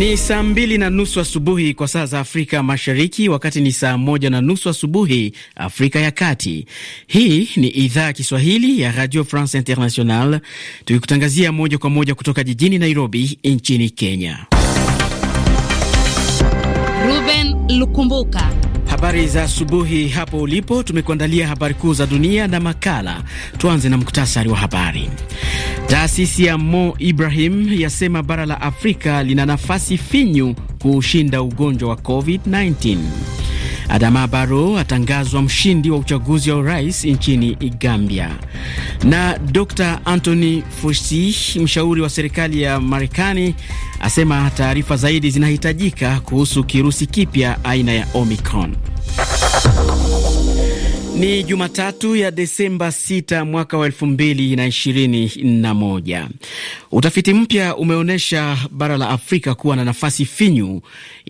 Ni saa mbili na nusu asubuhi kwa saa za Afrika Mashariki, wakati ni saa moja na nusu asubuhi Afrika ya Kati. Hii ni idhaa ya Kiswahili ya Radio France International, tukikutangazia moja kwa moja kutoka jijini Nairobi nchini Kenya. Ruben Lukumbuka Habari za asubuhi hapo ulipo. Tumekuandalia habari kuu za dunia na makala. Tuanze na muktasari wa habari. Taasisi ya Mo Ibrahim yasema bara la Afrika lina nafasi finyu kuushinda ugonjwa wa COVID-19. Adama Barrow atangazwa mshindi wa uchaguzi wa urais nchini Gambia. Na Dr Anthony Fauci, mshauri wa serikali ya Marekani, asema taarifa zaidi zinahitajika kuhusu kirusi kipya aina ya Omicron. Ni Jumatatu ya Desemba 6 mwaka wa 2021. Utafiti mpya umeonyesha bara la Afrika kuwa na nafasi finyu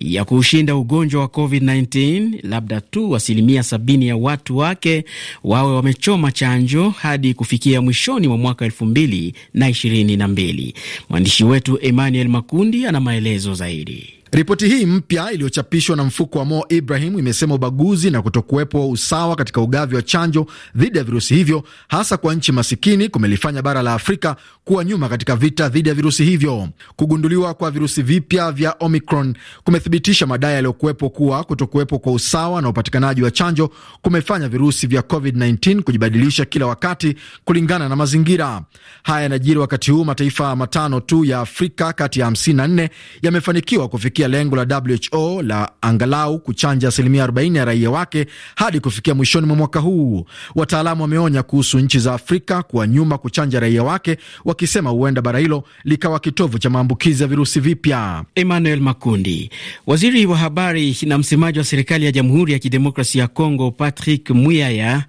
ya kuushinda ugonjwa wa COVID-19, labda tu asilimia 70 ya watu wake wawe wamechoma chanjo hadi kufikia mwishoni mwa mwaka 2022. Mwandishi wetu Emmanuel Makundi ana maelezo zaidi. Ripoti hii mpya iliyochapishwa na mfuko wa Mo Ibrahim imesema ubaguzi na kutokuwepo usawa katika ugavi wa chanjo dhidi ya virusi hivyo hasa kwa nchi masikini kumelifanya bara la Afrika kuwa nyuma katika vita dhidi ya virusi hivyo. Kugunduliwa kwa virusi vipya vya Omicron kumethibitisha madai yaliyokuwepo kuwa kutokuwepo kwa usawa na upatikanaji wa chanjo kumefanya virusi vya COVID-19 kujibadilisha kila wakati kulingana na mazingira. Haya yanajiri wakati huu mataifa matano tu ya Afrika kati ya 54 yamefanikiwa kufikia kufikia lengo la WHO la angalau kuchanja asilimia 40 ya raia wake hadi kufikia mwishoni mwa mwaka huu. Wataalamu wameonya kuhusu nchi za Afrika kuwa nyuma kuchanja raia wake, wakisema huenda bara hilo likawa kitovu cha maambukizi ya virusi vipya. Emmanuel Makundi. Waziri wa habari na msemaji wa serikali ya Jamhuri ya Kidemokrasia ya Kongo Patrick Muyaya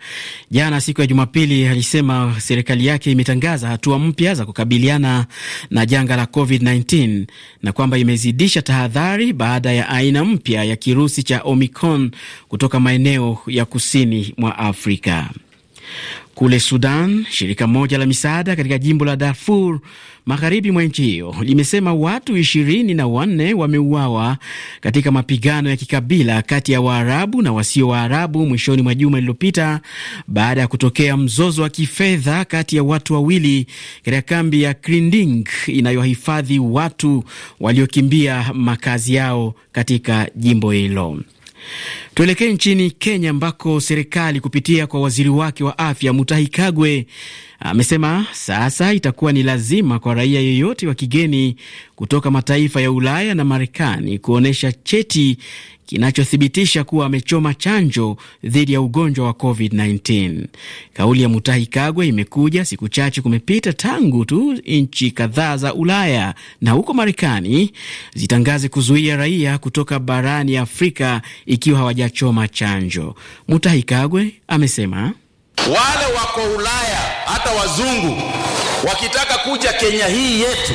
jana siku ya Jumapili alisema serikali yake imetangaza hatua mpya za kukabiliana na janga la COVID-19 na kwamba imezidisha tahadhari tahadhari baada ya aina mpya ya kirusi cha Omicron kutoka maeneo ya kusini mwa Afrika. Kule Sudan, shirika moja la misaada katika jimbo la Darfur magharibi mwa nchi hiyo limesema watu ishirini na wanne wameuawa katika mapigano ya kikabila kati ya Waarabu na wasio Waarabu mwishoni mwa juma lililopita baada ya kutokea mzozo wa kifedha kati ya watu wawili katika kambi ya Krinding inayohifadhi watu waliokimbia makazi yao katika jimbo hilo. Tuelekee nchini Kenya ambako serikali kupitia kwa waziri wake wa afya Mutahi Kagwe Amesema sasa itakuwa ni lazima kwa raia yeyote wa kigeni kutoka mataifa ya Ulaya na Marekani kuonyesha cheti kinachothibitisha kuwa amechoma chanjo dhidi ya ugonjwa wa COVID-19. Kauli ya Mutahi Kagwe imekuja siku chache kumepita tangu tu nchi kadhaa za Ulaya na huko Marekani zitangaze kuzuia raia kutoka barani Afrika ikiwa hawajachoma chanjo. Mutahi Kagwe amesema wale wako Ulaya hata wazungu wakitaka kuja Kenya hii yetu,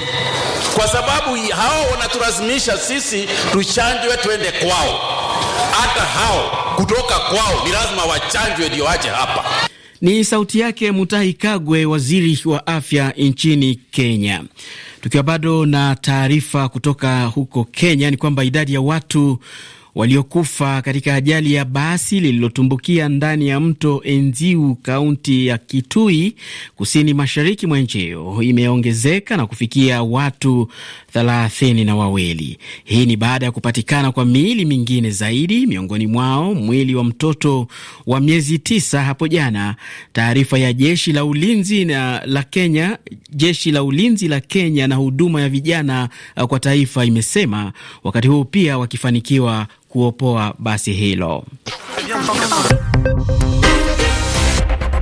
kwa sababu hao wanatulazimisha sisi tuchanjwe twende kwao. Hata hao kutoka kwao ni lazima wachanjwe ndio waje hapa. Ni sauti yake Mutahi Kagwe, waziri wa afya nchini Kenya. Tukiwa bado na taarifa kutoka huko Kenya, ni kwamba idadi ya watu waliokufa katika ajali ya basi lililotumbukia ndani ya mto Enziu, kaunti ya Kitui, kusini mashariki mwa nchi hiyo imeongezeka na kufikia watu thelathini na wawili. Hii ni baada ya kupatikana kwa miili mingine zaidi, miongoni mwao mwili wa mtoto wa miezi tisa hapo jana. Taarifa ya jeshi la ulinzi na la Kenya, jeshi la ulinzi la Kenya na huduma ya vijana kwa taifa imesema wakati huu pia wakifanikiwa kuopoa basi hilo.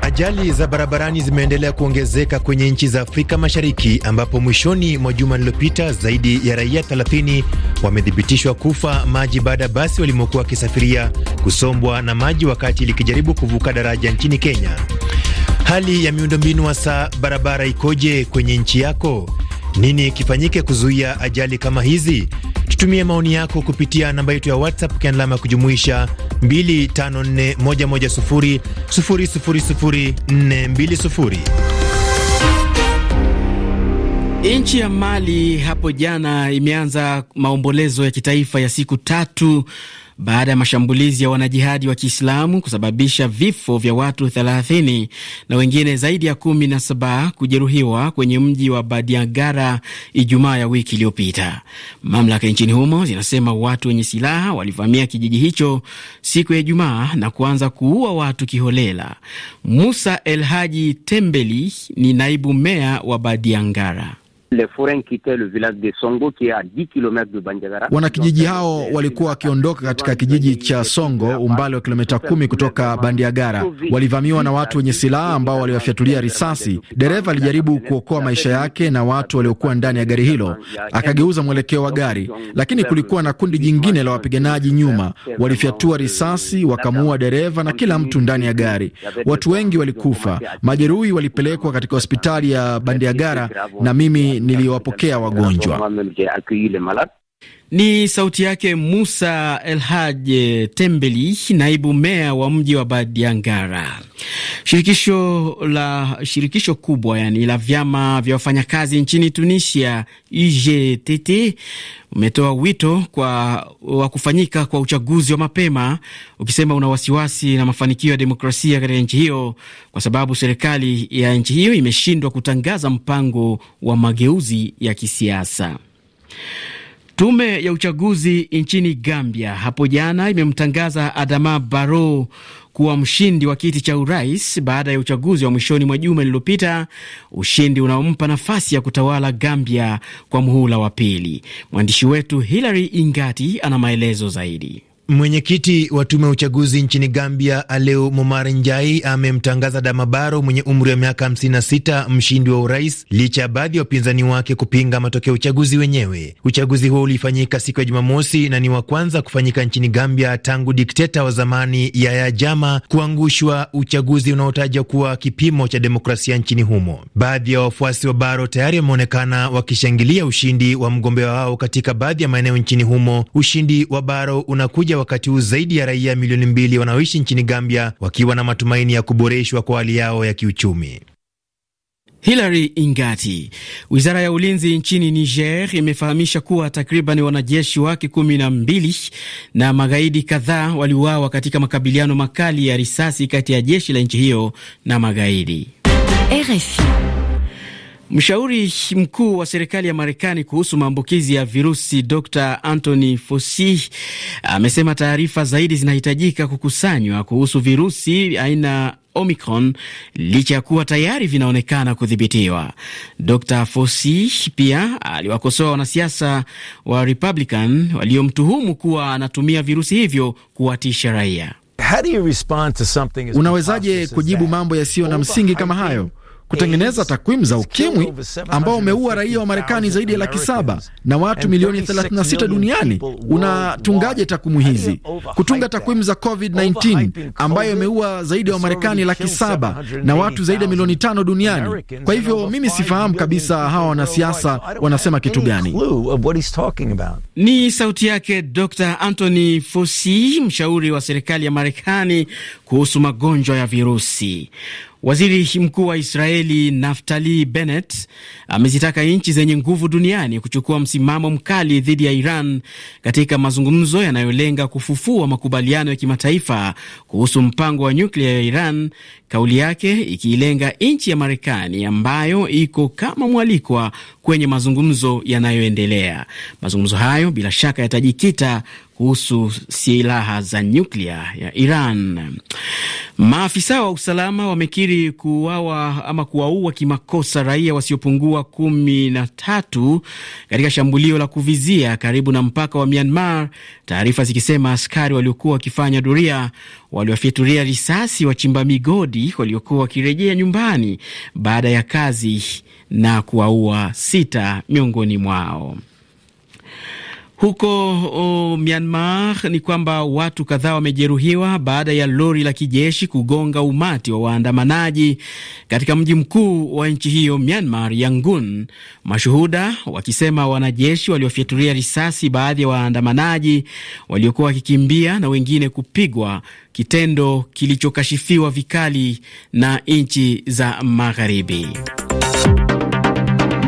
Ajali za barabarani zimeendelea kuongezeka kwenye nchi za Afrika Mashariki ambapo mwishoni mwa juma lililopita zaidi ya raia 30 wamethibitishwa kufa maji baada ya basi walimokuwa wakisafiria kusombwa na maji wakati likijaribu kuvuka daraja nchini Kenya. Hali ya miundombinu hasa barabara ikoje kwenye nchi yako? Nini kifanyike kuzuia ajali kama hizi? tumia maoni yako kupitia namba yetu ya WhatsApp ukianalama ya kujumuisha 254110000420. Nchi ya Mali hapo jana imeanza maombolezo ya kitaifa ya siku tatu baada ya mashambulizi ya wanajihadi wa Kiislamu kusababisha vifo vya watu 30 na wengine zaidi ya kumi na kujeruhiwa kwenye mji wa Badiangara Ijumaa ya wiki iliyopita. Mamlaka nchini humo zinasema watu wenye silaha walivamia kijiji hicho siku ya Ijumaa na kuanza kuua watu kiholela. Musa El Haji Tembeli ni naibu meya wa Badiangara le village de Songo 10 km de Banjagara. Wanakijiji hao walikuwa wakiondoka katika kijiji cha Songo umbali wa kilomita kumi kutoka Bandiagara. Walivamiwa na watu wenye silaha ambao waliwafyatulia risasi. Dereva alijaribu kuokoa maisha yake na watu waliokuwa ndani ya gari hilo, akageuza mwelekeo wa gari, lakini kulikuwa na kundi jingine la wapiganaji nyuma. Walifyatua risasi, wakamuua dereva na kila mtu ndani ya gari. Watu wengi walikufa. Majeruhi walipelekwa katika hospitali ya Bandiagara na mimi niliwapokea wagonjwa. Ni sauti yake Musa Elhaj Tembeli, naibu meya wa mji wa Badiangara. Shirikisho la shirikisho kubwa yani la vyama vya wafanyakazi nchini Tunisia, UGTT, umetoa wito kwa wa kufanyika kwa uchaguzi wa mapema, ukisema una wasiwasi na mafanikio ya demokrasia katika nchi hiyo, kwa sababu serikali ya nchi hiyo imeshindwa kutangaza mpango wa mageuzi ya kisiasa. Tume ya uchaguzi nchini Gambia hapo jana imemtangaza Adama Barrow kuwa mshindi wa kiti cha urais baada ya uchaguzi wa mwishoni mwa juma lililopita, ushindi unaompa nafasi ya kutawala Gambia kwa muhula wa pili. Mwandishi wetu Hilary Ingati ana maelezo zaidi. Mwenyekiti wa tume ya uchaguzi nchini Gambia, Aleu Momar Njai, amemtangaza Damabaro mwenye umri wa miaka 56 mshindi wa urais licha ya baadhi ya wapinzani wake kupinga matokeo ya uchaguzi wenyewe. Uchaguzi huo ulifanyika siku ya Jumamosi na ni wa kwanza kufanyika nchini Gambia tangu dikteta wa zamani ya Jama kuangushwa, uchaguzi unaotaja kuwa kipimo cha demokrasia nchini humo. Baadhi ya wafuasi wa Baro tayari wameonekana wakishangilia ushindi wa mgombea wao katika baadhi ya maeneo nchini humo. Ushindi wa Baro unakuja moja, wakati huu zaidi ya raia milioni mbili wanaoishi nchini Gambia wakiwa na matumaini ya kuboreshwa kwa hali yao ya kiuchumi. Hilary Ingati. Wizara ya ulinzi nchini Niger imefahamisha kuwa takriban wanajeshi wake kumi na mbili na magaidi kadhaa waliuawa katika makabiliano makali ya risasi kati ya jeshi la nchi hiyo na magaidi RFI. Mshauri mkuu wa serikali ya Marekani kuhusu maambukizi ya virusi Dr Anthony Fauci amesema taarifa zaidi zinahitajika kukusanywa kuhusu virusi aina Omicron licha ya kuwa tayari vinaonekana kudhibitiwa. Dr Fauci pia aliwakosoa wanasiasa wa Republican waliomtuhumu kuwa anatumia virusi hivyo kuwatisha raia. Unawezaje kujibu mambo yasiyo na msingi kama hayo? kutengeneza takwimu za ukimwi ambao umeua raia wa Marekani zaidi ya laki saba na watu milioni 36 duniani. Unatungaje takwimu hizi? Kutunga takwimu za COVID-19 ambayo imeua zaidi ya wa Marekani laki saba na watu zaidi ya milioni tano duniani. Kwa hivyo mimi sifahamu kabisa hawa wanasiasa wanasema kitu gani. Ni sauti yake Dr. Anthony Fauci, mshauri wa serikali ya Marekani kuhusu magonjwa ya virusi. Waziri mkuu wa Israeli Naftali Bennett amezitaka nchi zenye nguvu duniani kuchukua msimamo mkali dhidi ya Iran katika mazungumzo yanayolenga kufufua makubaliano ya kimataifa kuhusu mpango wa nyuklia ya Iran, kauli yake ikiilenga nchi ya Marekani ambayo iko kama mwalikwa kwenye mazungumzo yanayoendelea. Mazungumzo hayo bila shaka yatajikita kuhusu silaha za nyuklia ya Iran. Maafisa wa usalama wamekiri kuuawa ama kuwaua kimakosa raia wasiopungua kumi na tatu katika shambulio la kuvizia karibu na mpaka wa Myanmar, taarifa zikisema askari waliokuwa wakifanya doria waliwafyatulia risasi wachimba migodi waliokuwa wakirejea nyumbani baada ya kazi na kuwaua sita miongoni mwao. Huko o, Myanmar ni kwamba watu kadhaa wamejeruhiwa baada ya lori la kijeshi kugonga umati wa waandamanaji katika mji mkuu wa nchi hiyo Myanmar, Yangon, mashuhuda wakisema wanajeshi waliofyatulia risasi baadhi ya wa waandamanaji waliokuwa wakikimbia na wengine kupigwa, kitendo kilichokashifiwa vikali na nchi za Magharibi.